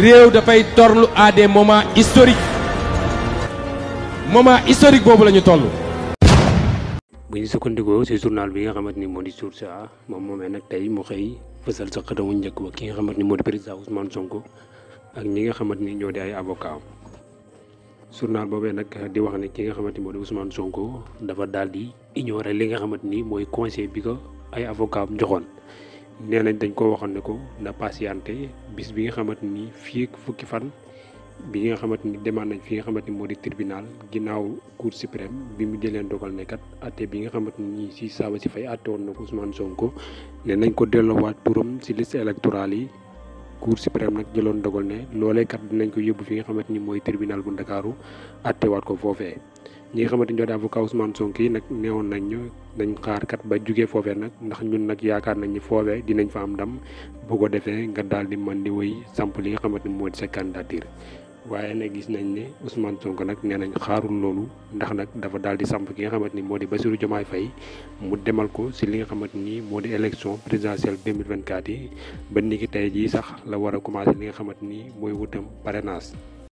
réew dafay torlu à des moments historiques moment historique boobu la ñu toll. bu ñu sukkandikoo ci journal bi nga xamante ni moo di Source A moom moomee nag tey mu xëy fësal sa xëtamu njëkk ba ki nga xamante ni moo di président Ousmane Sonko ak ñi nga xamante ni ñoo di ay avocat journal boobee nag di wax ne ki nga xamante ni moo di Sonko dafa daal di ignorer li nga xamante ni mooy conseil bi ko ay avocat joxoon. nee nañ dañ ko waxoon ne ko na patienté bis bi nga xamante ni fii fukki fan bi nga xamante ni demande nañ fi nga xamante ni moo di tribunal ginnaaw cour suprême bi mu jëleen dogal ne ate bi nga xamante ni si saaba si fay atte woon na ko Ousmane Sonko ne nañ ko delloowaat turam si liste électorale yi cour suprême nag jëloon dogal ne loolee kat dinañ ko yóbbu fi nga xamante ni mooy tribunal bu ndakaaru waat ko foofee ñi nga xamante ni ñoo di avocat Ousmane Sonko yi nag neewoon nañ ñu dañ xaar kat ba jógee foofee nag ndax ñun nag yaakaar nañ ni foofee dinañ fa am ndam boo ko defee nga daal di man di woy samp li nga xamante ni moo di sa candidature waaye nag gis nañ ne Ousmane Sonko nag nee nañ xaarul loolu ndax nag dafa daal di samp ki nga xamante ni moo di Bassirou jamaay fay mu demal ko si li nga xamante nii moo di élection présidentielle 2024 yi ba ni ki tey jii sax la war a commencé li nga xamante nii mooy wutam parrainage